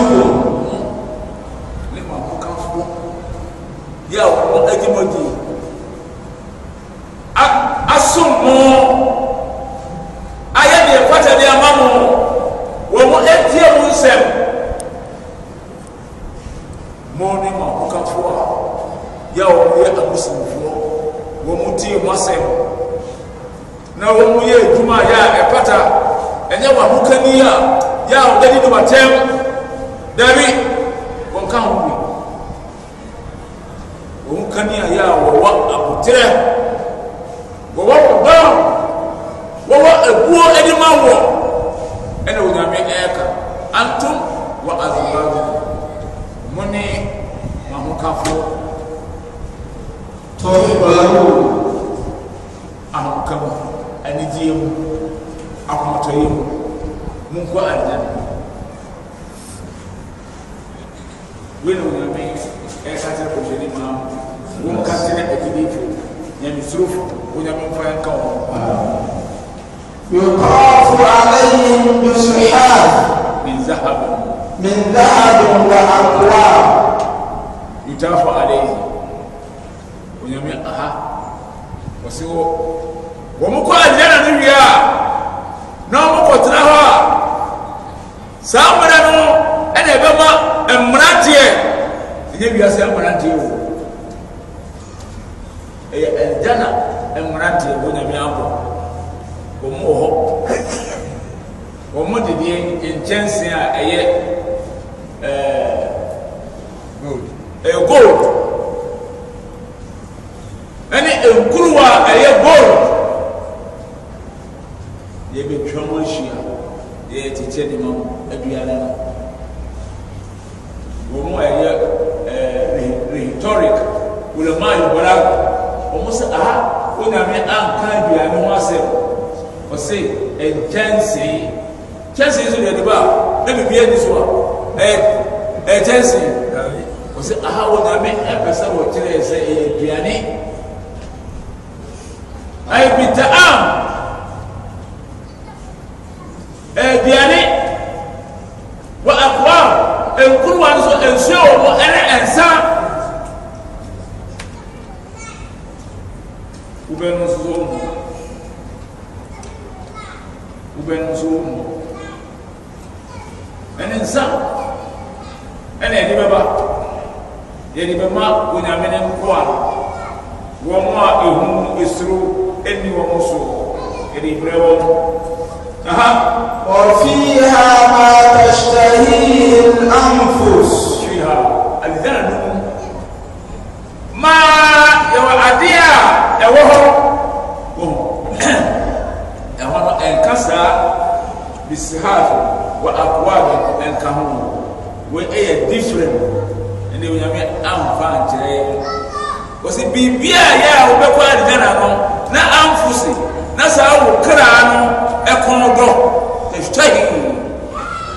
shugo le ma ko kan fo ya o e ti mo wei na onyame ɛka kyerɛ kɔhyɛni ma wonka kyerɛ akidifo nyamesurofo onyame mfa yɛnka wɔ يطاف عليهم بصحاف من ذهب من ذهب وأكواب يطاف عليهم onyame aha wɔsi wɔ wɔn kɔ agyana no wie a na wɔn kɔtena hɔ a saa mmerɛ ne wiase mmeranteɛ wo ɛyɛ ɛgya na mmeranteɛ wo nyame abɔ wɔn wɔ hɔ wɔn de deɛ nkyɛnse a ɛyɛ ɛɛ gold ɛyɛ gold ɛne nkuruwa a ɛyɛ gold yɛbɛtwa mu ahyia yɛyɛ tete ne ma aduane no wɔn a ɛyɛ rhetoric ulama ayobara wɔn sɛ aha onyame anka aduane ho asɛm ɔse nkyɛnsee kyɛnsee nso deɛ ba na bibi ani so a ɛyɛ kyɛnsee ɔse aha onyame ɛpɛ sɛ wɔkyerɛ sɛ ɛyɛ aduane ayɛ bi ta wei ɛyɛ eh, different ɛnna onyame amfa nkyerɛ yɛ wɔsi biribi a yɛ a wobɛkɔ adigyana no na amfo si na saa wo kra no ɛkɔn e dɔ tɛhwitahi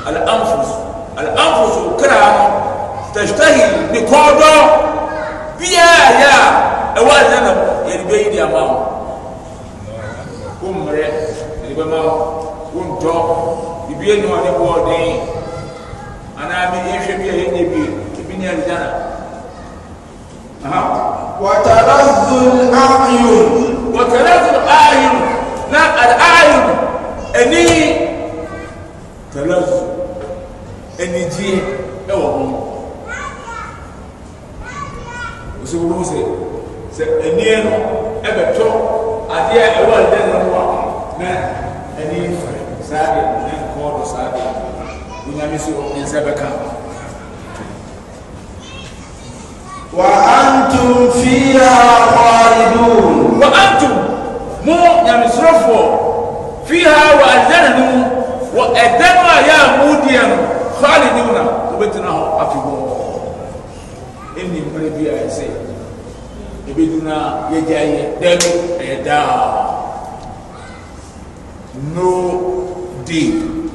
ala amfos ala amfos wo kra no tɛhwitahi ne kɔn dɔ biara yɛ a ɛwɔ adigyana no yɛde bɛyi de ama wo wo mmerɛ yɛde bɛma wo wo ntɔ biribi enu ne bɔ ɔden anaa bi yɛhwɛ bi a yɛnyɛ bi ebi ne aljana aha watarazzul ayun watarazzul ayun na al ayun ani tarazzu anigyeɛ ɛwɔ ho osi wo sɛ sɛ aniɛ no ɛbɛtɔ adeɛ a ɛwɔ aljana no ho a na ani fɛ saa deɛ ne do saa nyame so ne nsa bɛka وأنتم فيها خالدون وأنتم مو يعني صرفوا فيها وأذنهم وأذنوا يا موديا خالدون وبتنا أفيهم إني مريبيا يسي يبدونا يجاي دابو يداو no deep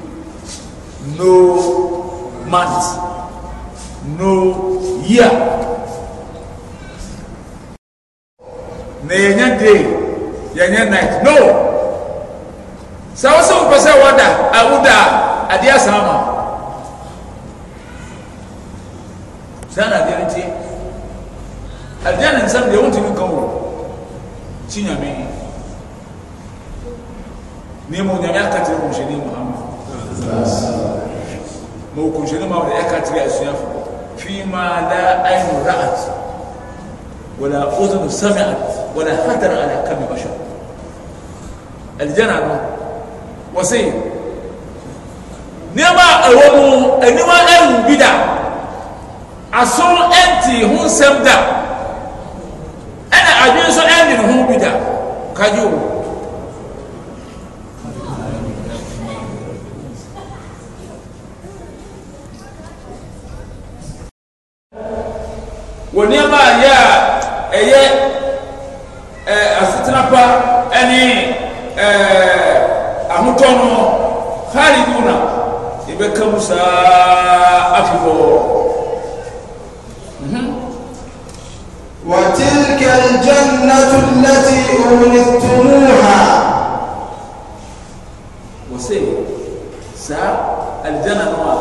no month, no year. Na yɛnyɛ day, yɛnyɛ night. No! Sɛ wo sɛ wopɛ sɛ woda awoda a adeɛ asan ma wo. Saa na adeɛ no tie. Adeɛ ne nsɛm deɛ wontumi ka wo. Kyi nyame. Ne mu nyame aka kyerɛ kɔmhyɛni Muhammad ma wɔkɔnhyɛne ma wɔde ɛka kyerɛ asuafo fima la ainu ra'at wala uzunu sami'at wala hadara ala kami bashar aljana no wɔ se nneɛma a ɛwɔ mu aniwa awu bi da aso ɛnte ho nsɛm da ɛna adwene nso ɛnde ne ho bi wɔ nneɛma a yɛ a ɛyɛ ɛɛ asetena pa ɛne ɛɛ ahotɔ no haliduna ebɛka mu saa afebɔɔ. وتلك الجنة التي أورثتموها وسي سا الجنة نوع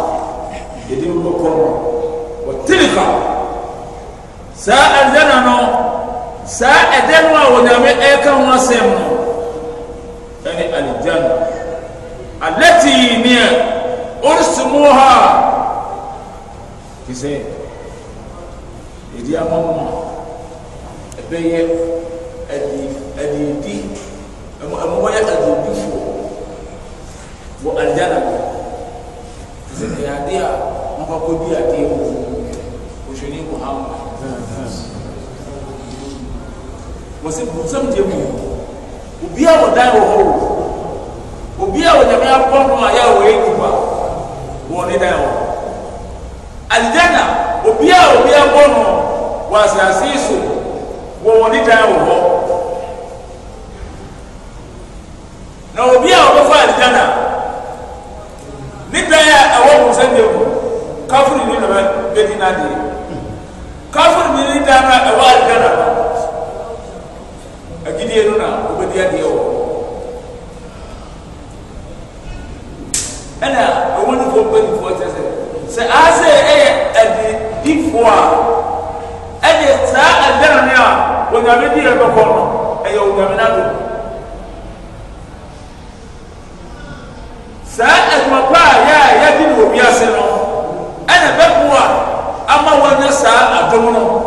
يدين بكم وتلك saa ɛdɛ na no saa ɛdɛ no a wɔnyame ɛka ho asɛm no ɛne aljanna alati nea ursimuha ti sɛ ɛdi ama mu a ɛbɛyɛ adi adiedi ɛmu ɛmu wɔyɛ adiedifoɔ wɔ aljanna ti sɛ ɛyɛ ade a wɔn bi a nsɛm deɛ mu obiara wɔ dan wɔ hɔ o obiara wɔ nyame abɔ ho a yɛ a wɔyɛ nipa wɔ ne dan hɔ aligana obiara a obiara bɔ no wɔ asase yi so wɔ wɔ ne dan wɔ hɔ na obiara a wɔbɛfa aligana ne dan a ɛwɔ ho deɛ mu kafiri ne na bɛdi n'adeɛ kafiri ne dan a ɛwɔ aligana die no na wobɛdi adeɛ wɔ ɛna ɛwɔ ne fɔm panifoɔ kyerɛ sɛ sɛ ase ɛyɛ adidifoɔ a ɛde saa adanne a onyame di yɛ bɛkɔ no ɛyɛ onyame no adom saa adwuma pa a yɛ a yɛadi ne wɔ wiase no ɛna bɛboa ama wɔnyɛ saa adom no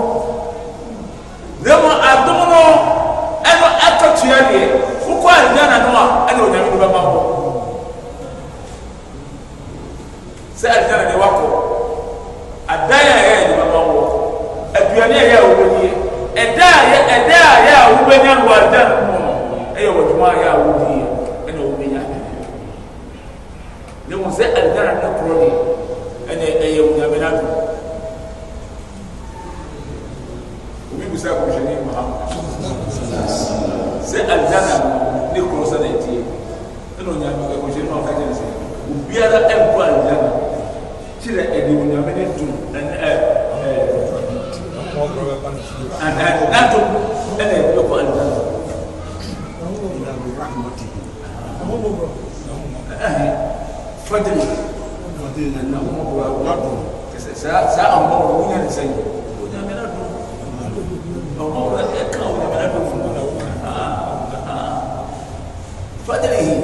fadiri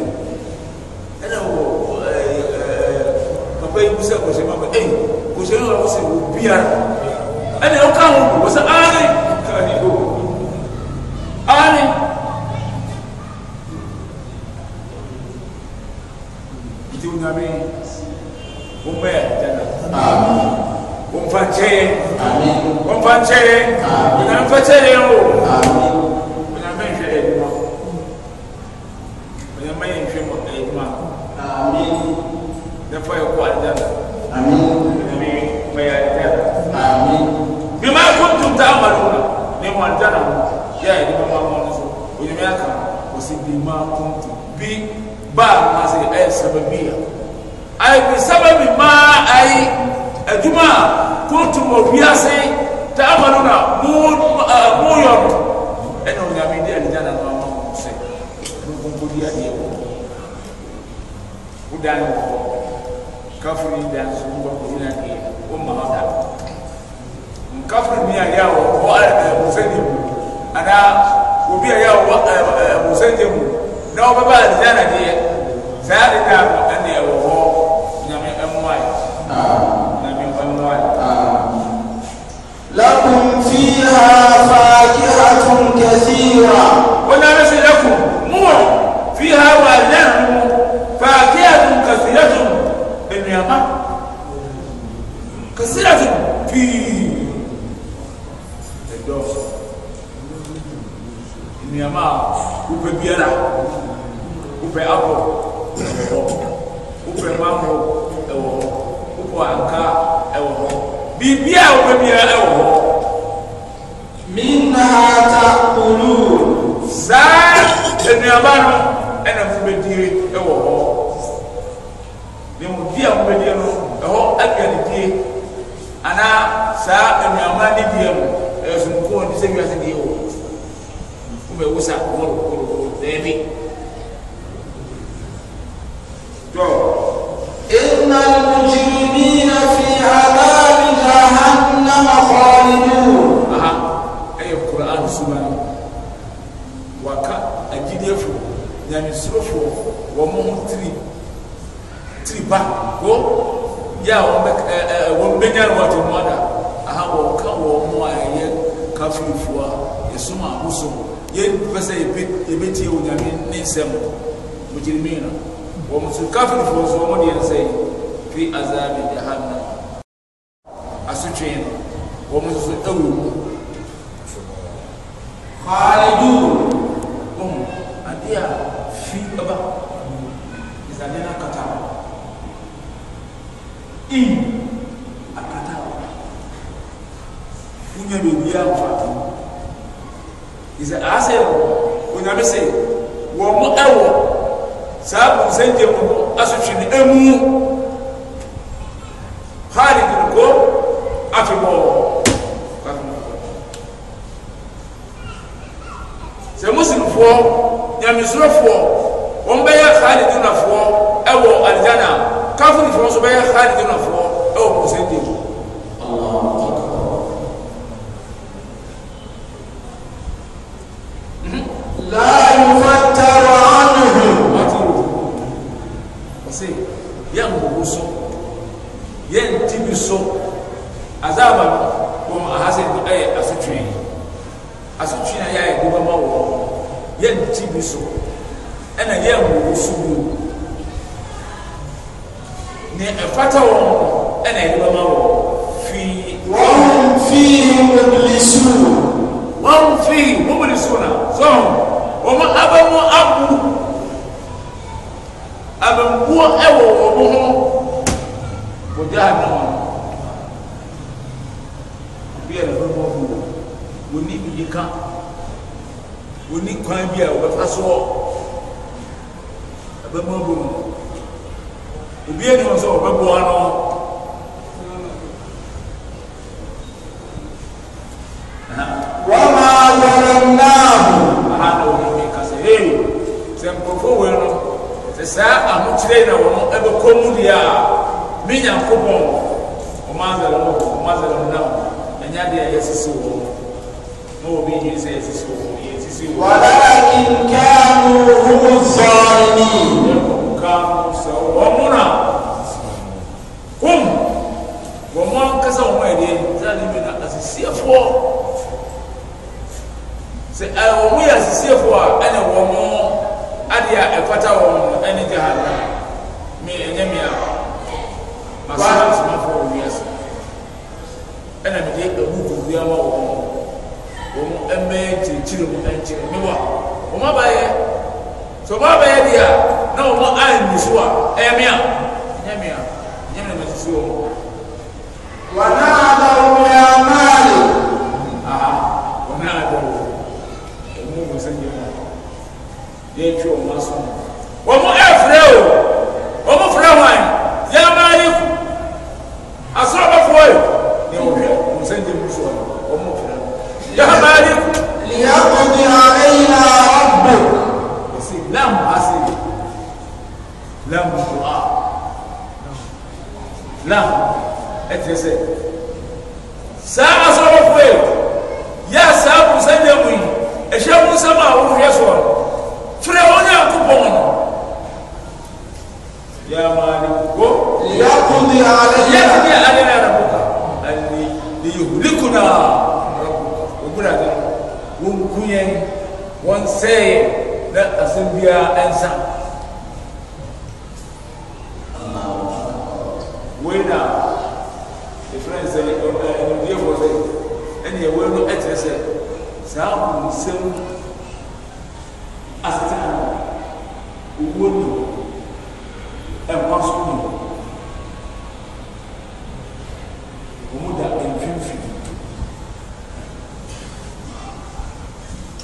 ɛna wɔ ɛɛ papa yi kusa kɔsɛ ma ma ɛyi kɔsɛ yi la kɔsɛ o bia ɛna o kan o kɔsɛ aani aani o aani iti o nyame o mɛ jana o nfa cɛ o nfa cɛ o nfa cɛ o. bima kuntum bi ba ma se ɛyɛ sababiya ayi bi sababi ma ayi adwuma kuntum wɔ wiase taamanu na mu ɛɛ mu yɔrɔ ɛna onyame di anigya na ma ma mo sɛ mo nkonko di adeɛ wɔ o dan wɔ hɔ kafiri dan so mo ba ko yi na deɛ o ma ma da nkafiri mi a yɛ a wɔ hɔ ɛɛ mo sɛ ne mu ana obi a yɛ wɔ ɛɛ ɛɛ. يهكةثيرك فيه كة كثرة wopɛ biara wopɛ apɔ ɛwɔ hɔ wopɛ mango ɛwɔ hɔ wopɛ anka ɛwɔ hɔ biribia a wopɛ biara ɛwɔ hɔ minna takulu saa aduaba no ɛna mfobɛdie ɛwɔ hɔ nemudi a mobɛdie no ɛhɔ aduanedie anaa saa anuama ne die mu ɛyɛ sonkoɔ ne sɛ wiase deɛ wɔ wobɛwo sa wɔlo ẹbí. tó iná lójúmi ní àfi àdáàbí jahannama kọ́ọ̀lìdù. ẹyẹ kura a nsúmọ ni waka agyidefo nyamesurofo wɔn ho tiri tiri ba ko yɛ a bɛ ɛ ɛ wɔn bɛ nyɛ wɔn ti mu ada aha wɔn ka wɔn ho a ɛyɛ kafirifoɔ a yɛsoma ahosuo ye fɛsɛ ebi tie o nyame ne nsɛm mujrimina wɔ musu kafir fɔ so wɔn deɛ nsɛ fi azabi jahannam asotwe no wɔn nso so ɛwɔ mu foɔ nyamisoro foɔ wɔn bɛyɛ hali duna foɔ ɛwɔ alijana kafiri foɔ nso bɛyɛ hali duna foɔ ɛwɔ kɔnsɛn den mu. gu no obi ani wɔ sɛ ɔbɛboa no wama zalamnahu aha na wɔn mi ka sɛ hey sɛ nkurɔfoɔ wei no sɛ saa ahokyerɛ yi na wɔn ɛbɛkɔ mu deɛ a me nyankopɔn ɔma zalamnahu ɔma zalamnahu ɛnya deɛ ɛyɛ sisi wɔn na obi yi sɛ ɛyɛ sisi wɔn ɛyɛ sisi wɔn. walakin kanu humu zɔɔni wɔmuna kum wɔn ankasa wɔn ayɛ deɛ sɛ ne bi na asisiefoɔ sɛ ɛɛ wɔn yɛ asisiefoɔ a ɛna wɔn adeɛ a ɛfata wɔn ɛne gya ha na mi ɛnyɛ mi a masina asomafoɔ wɔ wiase ɛna mi de ɛbu kuku ama wɔn wɔn ɛmɛ kyerɛkyerɛ mu ɛnkyerɛ mi wa wɔn abayɛ sɛ wɔn abayɛ deɛ a. Eh, ah. ah. na wɔn ayɛ nusu a ɛyɛ mia ɛnyɛ mia ɛnyɛ mia na susu wɔn. wɔn a dɔw yɛ maali. aha wɔn a dɔw ɛmu wɔn sɛ nyɛ wɔn yɛ twɛ wɔn asom. ɛwɔ sukuu no wɔn da mfimfini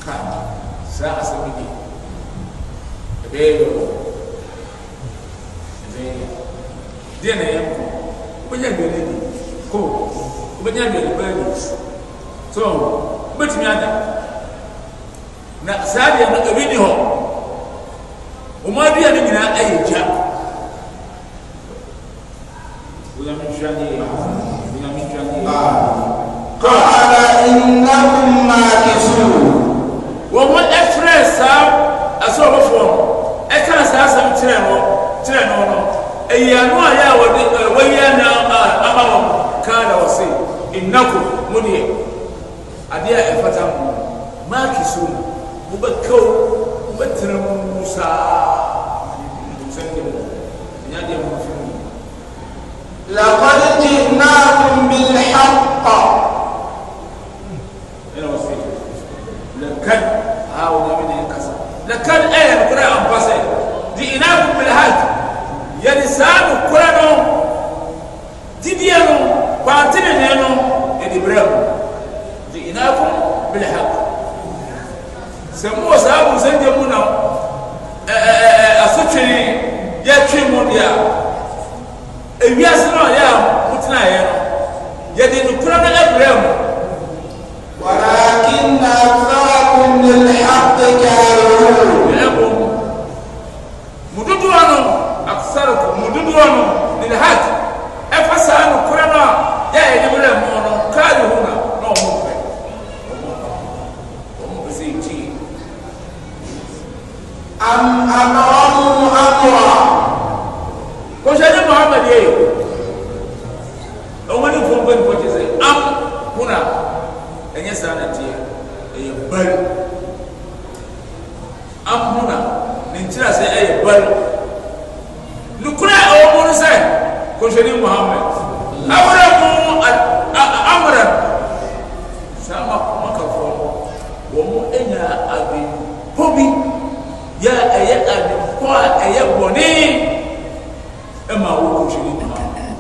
kaa saa asɛm yi ɛbɛyɛ yɛ wɔ ɛbɛyɛ deɛ na yɛ. ɛna wɔ fii lakad a wɔ nyame ne kasa lakad ɛyɛ eh, nokora a ɔmpa sɛ di inakum bilhaq yɛde saa nokora no didiɛ no kwantenene no ɛde berɛ mo di inakum bilhaq sɛ mowɔ saa abonsɛngye mu na eh, eh, asotwene yɛtwe mu deɛ a ewiase no a yɛ a motenaeɛ no yɛde nokora no abrɛ mo ولكن أكثركم للحق كارهون mududu ano aksaruku mududu ano lilhat ɛfa saa no korɛ no a yɛ yɛ de berɛ mu no kaade ho bari amuna ne nkyerɛ sɛ ɛyɛ bari nukura a ɛwɔ mu no sɛ kɔhwɛni muhammed awura mu amura saa makafoɔ wɔn anya adempɔ bi yɛ ɛyɛ adempɔ a ɛyɛ bɔne ɛma wɔkɔhwɛni muhammed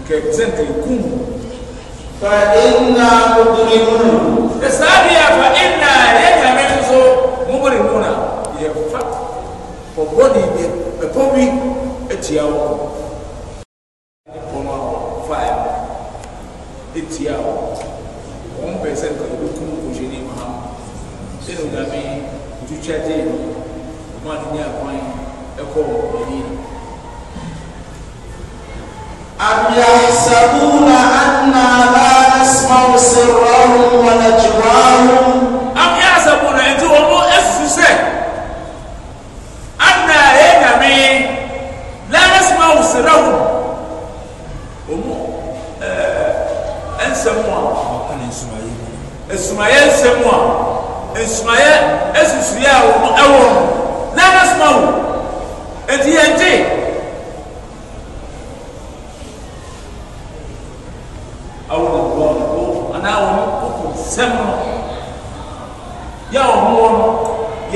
nkɛ sɛ kum فإنا مضرمون الثانية فإنا يجب أن مضرمون يفا فبودي بفوبي اتياو فما فاير اتياو one percent kan ebi kum kusi ni ma sinu dami tutu ati yi ma ni ni akwan ɛkɔ wɔ ɛni. àmì àìsàn. نسمع سرهم ونجواهم أم يحسبون أنت ومو أسسة أنا ينمي لا نسمع سرهم ومو أنسموا أنسمعي أنسموا أنسمعي أسسيا ومو أول لا نسمع أنت ينتهي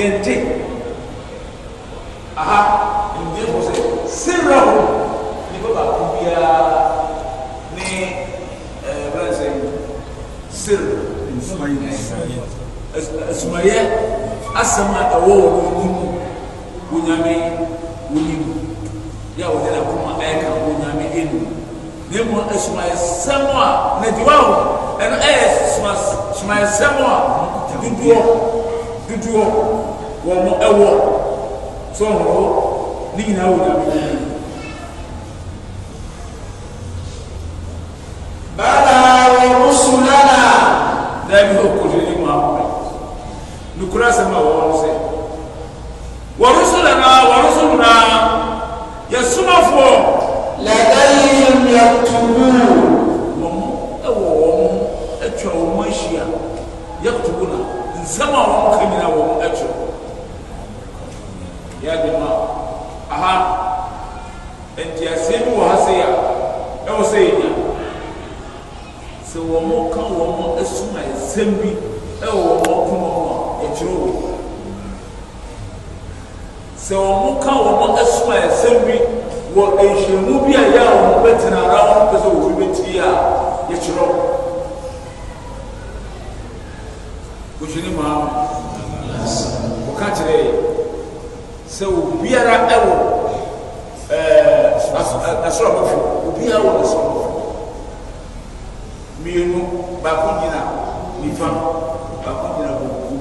authentic asumafoɔ ladayhim yaktubun wɔn ɛwɔ wɔn atwa wɔn ahyia yaktubuna nsɛm a wɔn ka nyina wɔn atwa yɛ adwuma aha ntiaseɛ bi wɔ ha sei a ɛwɔ sɛ yɛnya sɛ wɔn ka wɔn asum a nsɛm bi ɛwɔ wɔn poma mu a ɛkyerɛ wɔn sɛ wɔn ka wɔn asum a nsɛm bi wɔ nhyiamu bi a yɛ a wɔn bɛtena ara wɔn pɛ sɛ wɔfi bɛtiri a yɛkyerɛ kohyɛni maa wɔka kyerɛ sɛ obiara ɛwɔ ɛɛ eh, asorɔmɔfo obiara wɔ asorɔmɔfo mmienu baako gyina nifa baako gyina bonkum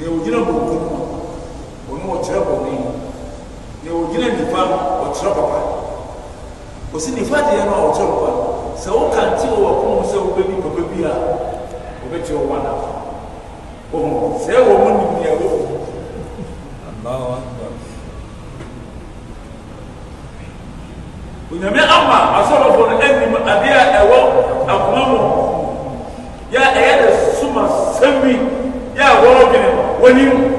deɛ ogyina bonkum no ɔno wɔkyerɛ bɔnne ne ɔgyina nifa no ɔkyerɛ papa ɔsi nifa deɛ no a ɔkyerɛ papa sɛ woka nte wɔ wɔkom sɛ wobɛni papa bi a wɔbɛkye wɔ wana ɔhu sɛ wɔ mu nim nea wɔ onyame ama asɔrɔfo no anim adeɛ a ɛwɔ akoma mu yɛ ɛyɛ de soma sɛm bi yɛ a wɔredwene wɔnim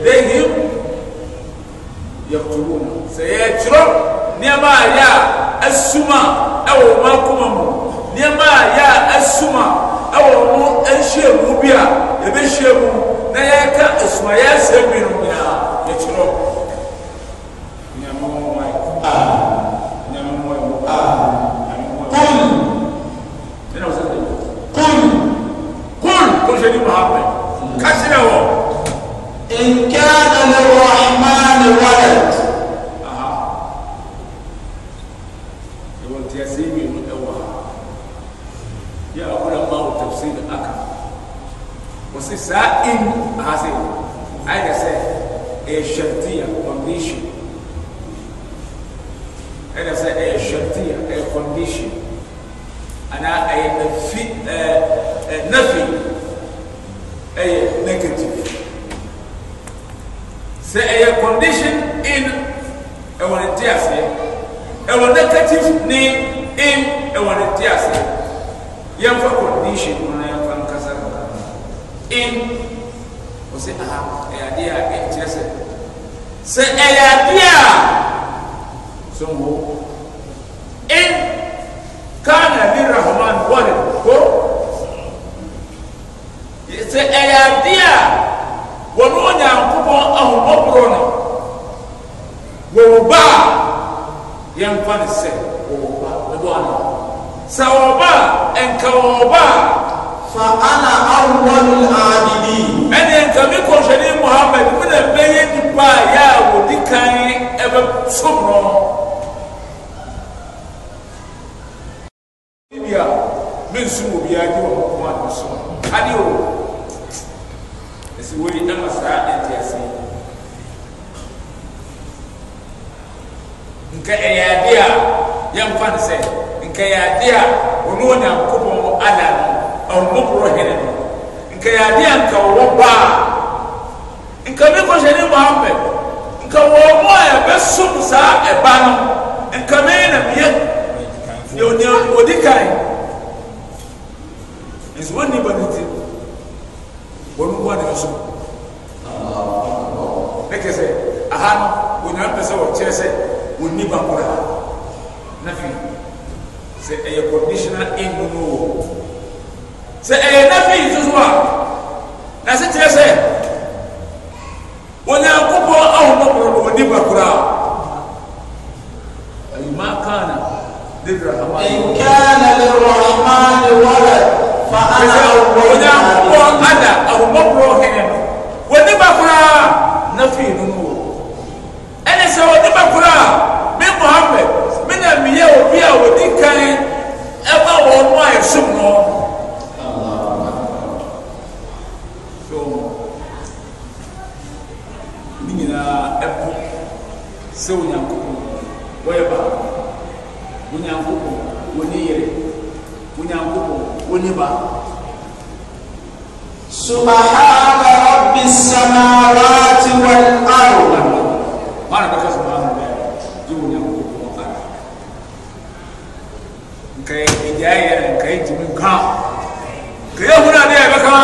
edahim ykjrun seykrok nama ya asuma a̱wo makumamu nama ya asuma a̱wom ashyiwu bia yabeshyemu naya ka asuma ya sebi nu na yakrok إن كان للرحمن ولد أها لو أنت يا سيدي من أول يا أول الله تفصيل أكبر وسيسا إن هذه أين سيد إيه شرطية condition أنا سيد إيه شرطية إيه condition أنا أي نفي نفي أي نيجاتيف sɛ ɛyɛ condition in ɛwɔ ne ti aseɛ ɛwɔ negative ne in ɛwɔ ne ti aseɛ yɛmfa condition mu na yɛmfa nkasa nkasa in ɔsɛ aha ɛyɛ adeɛ a ɛnkyerɛ sɛ sɛ ɛyɛ adeɛ a sonwo in kaana bi rahman wɔde ko sɛ ɛyɛ adeɛ a wɔne onyankopɔn ahomɔborɔ no wɔwɔ ba a yɛmfa ne sɛ wɔwɔ ba ɛbɔ ano sɛ wɔwɔ ba a ɛnka wɔwɔ ba a fa ana awwalul adidin ɛne nka me kɔhwɛne muhammad mu na bɛyɛ nipa a yɛ a wɔdi kan ɛbɛsom no bibia mensum obiaa gye wɔ ho koma no so adeɛ o ɛsɛ wɔyi ama saa ɛnte ase nka ɛyɛ ade a yɛmfa no sɛ nka ɛyɛ ade a ɔno onyankopɔn ada no ɔmmɔborɔ hene no nka ɛyɛ ade a nka ɔwɔ ba a nka ne kɔhyɛ ne mohamad nka wɔn mo a ɛbɛsom saa ɛba no nka me na meyɛ deɛ ɔdi kan nso wɔnni ba no ti wɔn mu bu adi so ne kɛ sɛ aha no onyame pɛ sɛ wɔkyerɛ sɛ wɔnni bakora na fi sɛ conditional aim no wɔ sɛ ɛyɛ na fi soso a na se kyerɛ sɛ onyankopɔn ahomɔborɔ no wɔnni bakora ayuma kana debra hama ɛsɛ onyankopɔ ada ahobɔborɔ hene no wɔne ba koraa na fii no mu wɔ ɛne sɛ wɔne ba koraa me mohamad me ne ba subahana rabbi samawati wal arda mana baka subahana ba jiwo ne ko ko ka kai idaya kai jimin ka kai huna ne baka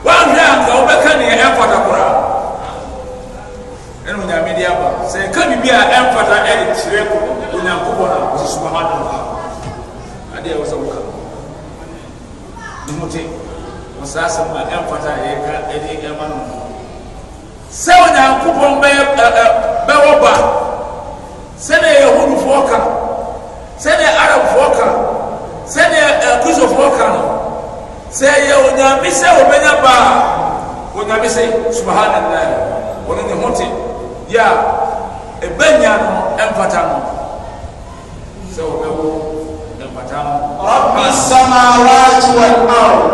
wanda ga baka ne ya fata kura ɛnu nyame di aba sɛ ɛka biribi a ɛmfata ɛde kyerɛ onyankopɔn a wɔsi subahana ba adeɛ ɛwɔ sɛ woka no n hote o saa sɛmna ɛmpata yɛk ɛiɛma non sɛ onyamkokɔ bɛwɔ ba sɛdeɛ yahodifɔɔ ka sɛdeɛ arabfɔɔ ka sɛdeɛ kusofɔɔ ka no sɛ yɛonya mi sɛ wobɛnya baa onyame sɛ subhanalahi ɔnene ho te ya ɛbɛ nyan ɛmpata no sɛ wobɛ رب السماوات والأرض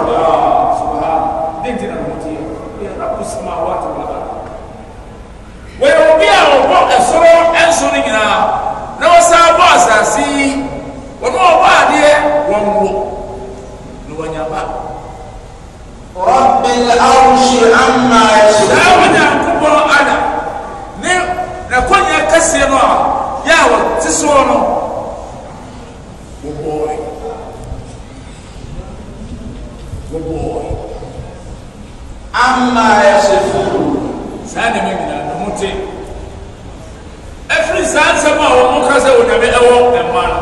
wɔyɛ obi a ɔbɔ ɛsoro nson nyinaa na wɔsan bɔ asase yi wɔn a ɔbɔ adeɛ wɔn wɔ na wɔnya ba. rɔbin awusi ama ɛsoro. saa wɔnya nkubɔn ada ne na kɔnya kɛseɛ no a yɛ a wɔte soɔ no. Good boy. Good boy. Ama ɛsɛ furu. Saa nɛma nyinaa na mo te. Efiri saa nsɛm a wɔn kasa wɔ nyame ɛwɔ ɛma no.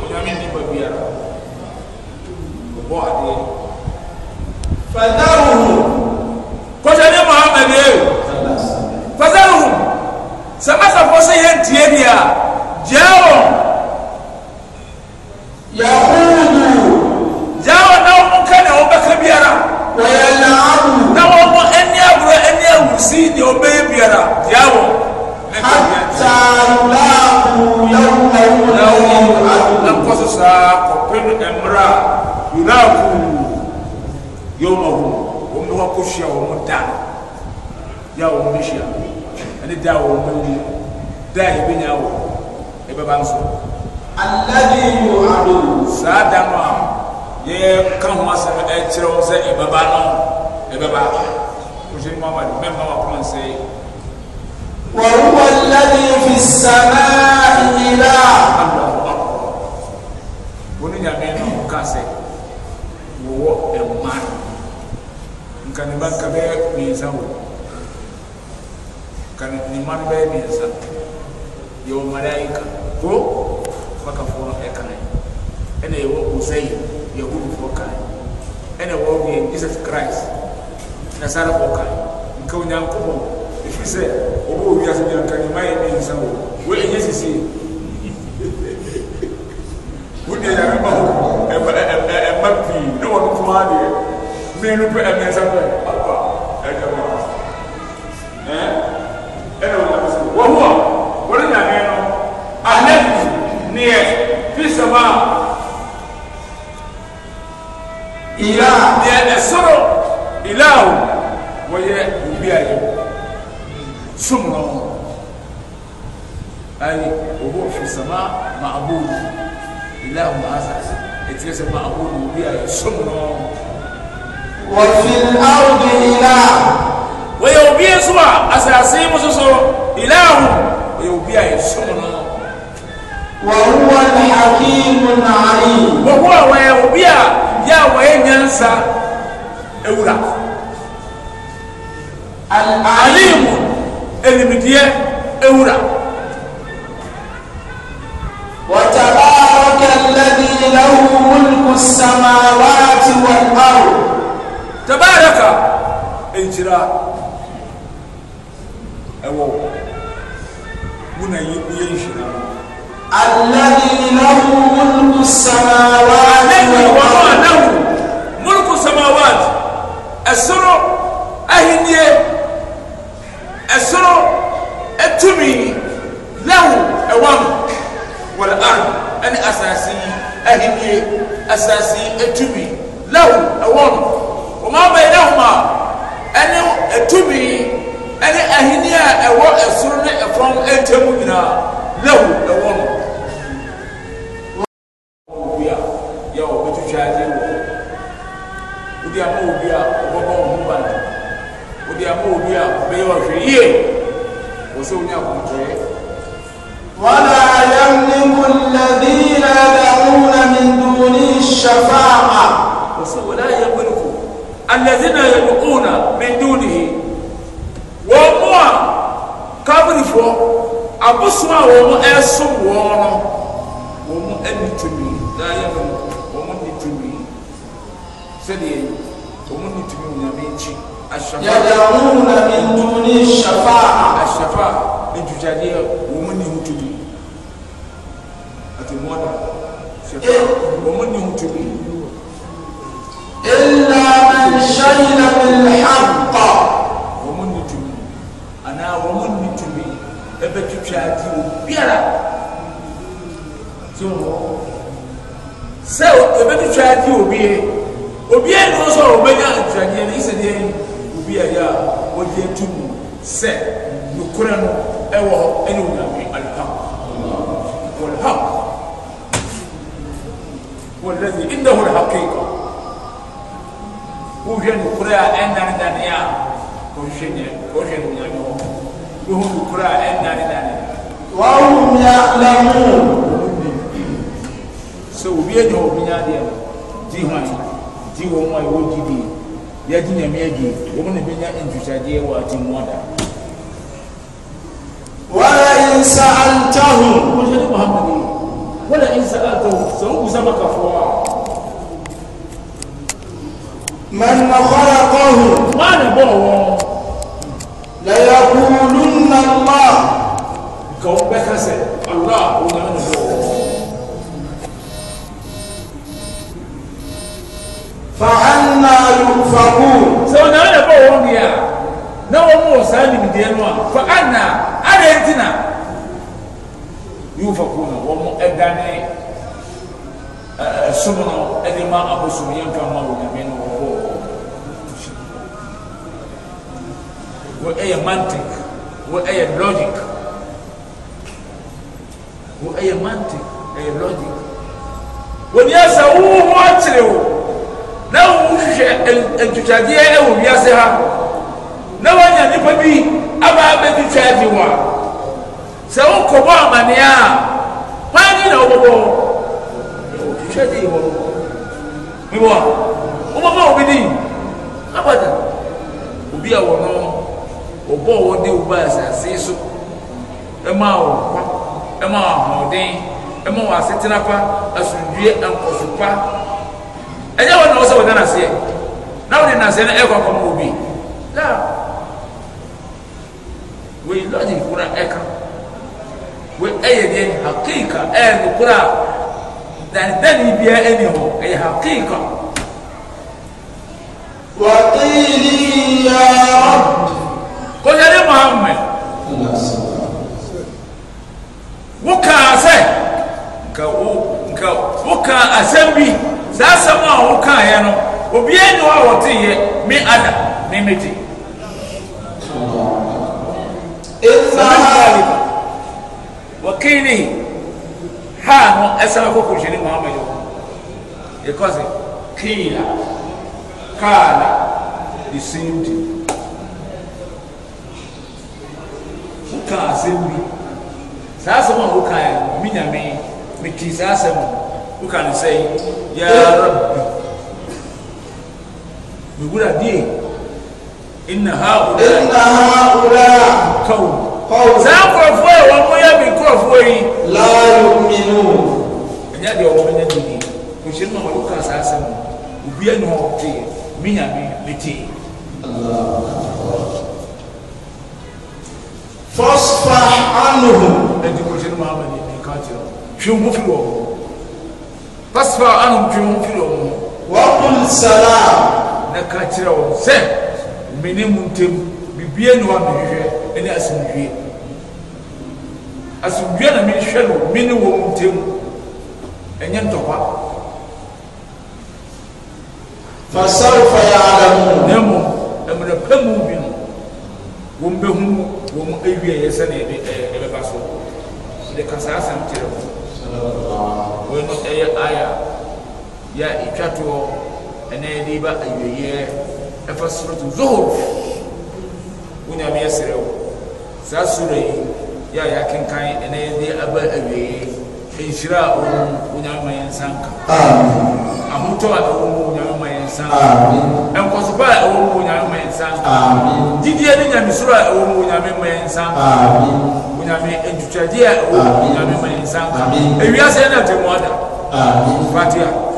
Onyame ni ba biara. Ɔbɔ adeɛ. Fadaruhu. Kɔjɛ ne Muhammad yɛ. Fadaruhu. Sɛ asafo sɛ yɛn tie bi a, yahudu zawo na wɔn ka na wɔbɛka biara wɔyɛlaabu na wɔn ani agorɔ ani ahusi deɛ ɔbɛyɛ biara tia wɔn hata yulaabu yawulawu na wɔn akɔ so saa kɔpem mmerɛ a yulaabu yawulawu wɔn ne wɔn akɔhyia wɔn da yɛ a wɔn bɛhyia ɛne da a wɔn bɛwu da a yɛbɛnya wɔn ɛbɛba nso alladhi yu'adu saa da no a yɛka ho asɛm ɛkyerɛ wo sɛ ɛbɛba no ɛbɛba wohyɛ muhammad mɛmfa wapɔn sɛ وهو الذي في السماء إله الله أكبر ونجا بينا مكاسي وهو أمان nkane ba nka bɛyɛ mmiɛnsa wɔ nkane ne ma no bɛyɛ mmiɛnsa yɛwɔ malaika ko ɛna yɛwɔ osayi yahudufoɔ kae ɛna ɛwɔ ɔbɛn jesus christ nasarafoɔ kae nka onyankopɔn ɛfiri sɛ ɔbɔ wɔ wiase bi anka nyɛma yɛ mmiɛnsa wɔ wo ɛnyɛ sisie wodeɛ nyame ma ho ɛma pii ne wɔno mfoma adeɛ mmienu pɛ ɛmmiɛnsa pɛ apa ɛda ma ɛna wɔnyame sɛ wɔ ho a wɔne nyame no ahnafi neɛ fi sama ila deɛ ɛsoro ilawo wɔyɛ obi a yɛ som no ho ayi obo fi sama maabudu ilawo maasa etire sɛ maabudu obi a yɛ som no ho wɔfin awudi ila wɔyɛ obi nso a asase mu soso ilawo wɔyɛ obi a yɛ som no ho wɔwɔ ni akimu naani wɔwɔ a wɔyɛ obi a yɛ a wɔyɛ nyansa ewura alimu enimidiɛ ewura. وتبارك الذي له ملك السماوات والأرض تبارك انجرا أوه من يبين شنو السمات aه سر تب ل ɛ ولأ ɛn aسس aه aسaس تب و بل تب aهn ɛw ɛسر ك تب بر lewu ɛwɔ no obi a yɛ wɔ bɛtu twa adi wɔ wodi ama obi a ɔbɛbɔ wɔn ho abosom a wɔn ɛso wɔn no wɔn ani tumi daa yɛ no wɔn ni tumi sɛdeɛ wɔn ni tumi nyame akyi ashafa yadahu na nduni shafa ashafa edwudwadeɛ wɔn ni tumi ati mu ada eh. wɔn ni tumi. إلا من شهد بالحق ɛbɛtwitwa adiwo biara tí wọn sɛ ɛbɛtwitwa adiwo bie obiara ni wọn sɔ ɔbɛnya atwadeɛ ne sɛ deɛ obi ayɛ a wɔde atu mu sɛ nukura no ɛwɔ hɔ ɛne onyame alham walham wɔlɛdi inda hɔ hakika wohwɛ nukura a ɛnanedane a wɔhwɛ nyɛ wɔhwɛ onyame hɔ ruhun kura ɛn naani naani. wàhùn ya lẹ́mú. so obi yɛ nyɔɔ bi nyaa deɛ di hwan di wɔn a ɛwɔ gidi yɛdi nyame adi wɔn na bi nya ntutadeɛ wɔ ati mu ada. wala nsa antahu. wɔn yɛ ni muhammadu wala nsa antahu sɔn kusa maka fɔ wa. mɛ nɔkɔla kɔhu. maa na bɔ wɔn. لا ليقولن الله كون بكسه الله هو من فعنا يؤفكون سونا انا بقول يا نوم وسالي بدينوا فعنا انا انتنا يؤفكون وهم اداني أه، أه، سمنا ادي ما ابو سميان كما وجمعنا وهو wɔ ɛyɛ mantic wɔ ɛyɛ logic wɔ ɛyɛ mantic ɛyɛ logic wɔ ni ɛsɛ wowo akyere wo na wowo hwehwɛ ntwitwadeɛ ɛwɔ wiase ha na wɔanya nnipa bi aba abɛtwitwa adi wɔ a sɛ wokɔbɔ amanneɛ a hwan ni na wobɔbɔ twitwa dii hɔ mewɔ a wobɔbɔ obi dii abada obi a wɔ no ɔbɔ a wɔde wo ba asase so ɛma wɔn kwa ɛma wɔn ahoɔden ɛma wɔn asetena pa asundue nkɔso pa ɛnyɛ wɔn na wɔsɛ wɔda naseɛ na wɔde naseɛ no ɛkɔ akɔmɔ obi laa wei lɔɔdi nkura ɛka wei ɛyɛ deɛ hakika ɛyɛ nukura danidani biara ɛni hɔ ɛyɛ hakika. وقيل يا رب kò yẹ ní muhammed wokaa sɛ nka wo nka wokaa asɛm bi saa asɛm a wokaeɛ no obiara ni hɔ a wɔteyɛ me ada ne megye wakini ha no ɛsan kɔ kɔhyɛne muhammed hɔ Because sɛ kiila kaala the same thing ka asɛm bi saa asɛm a woka me nyame meti saa asɛm woka no sɛ ya rabbi mewura die inna haula kaum saa nkurɔfoɔ a wɔmoyɛ me nkurɔfoɔ yi la yuminu ɛnyɛ deɛ wɔmɛnya dini kɔhyɛ no ma woka saa asɛm obia ne hɔ tee me nyame metee Allah fọ́sfà ánùhù ẹni kò ṣe ní máa bẹ̀rẹ̀ nǹkan ti rọ̀ fi mú fi wọ̀ fọ́sfà ánùhù fi mú fi wọ̀ wọ́n kún sàlá nǹkan ti rọ̀ sẹ́ mi ní mu ntẹ́mu bíbí ẹni wà mí hwẹ́ ẹni asomdwie asomdwie na mi hwẹ́ no mi ní wọ́n mu ntẹ́mu ẹ̀nyẹ́ ntọ́kwa fasawufa yà á lẹ́mu. nẹ́mu ẹ̀mìrẹ̀ pẹ́ mu bi no wọ́n bẹ hu mu. wom awiɛyɛ sɛdeɛbɛbaso dɛka saasankrɛ w w nɔ ɛyɛ aya ya itwatɔɔ ɛne yɛdii ba awɛyɛ ɛfa soroto zoho wonyabiyɛ serɛ wo saa soroyi yayakinkayi anɛ yɛde abɛ aweyi ɛnhyiraa wo wunyamma yɛnsanka amɔ ad wo wy nsan nkɔsopa a ɛwɔ mu onyame ma nsan didie ne nyamesoro a ɛwɔ mu onyame ma nsan onyame ntutwadeɛ a ɛwɔ mu onyame ma nsan ewiase na atɛmu ada fatia.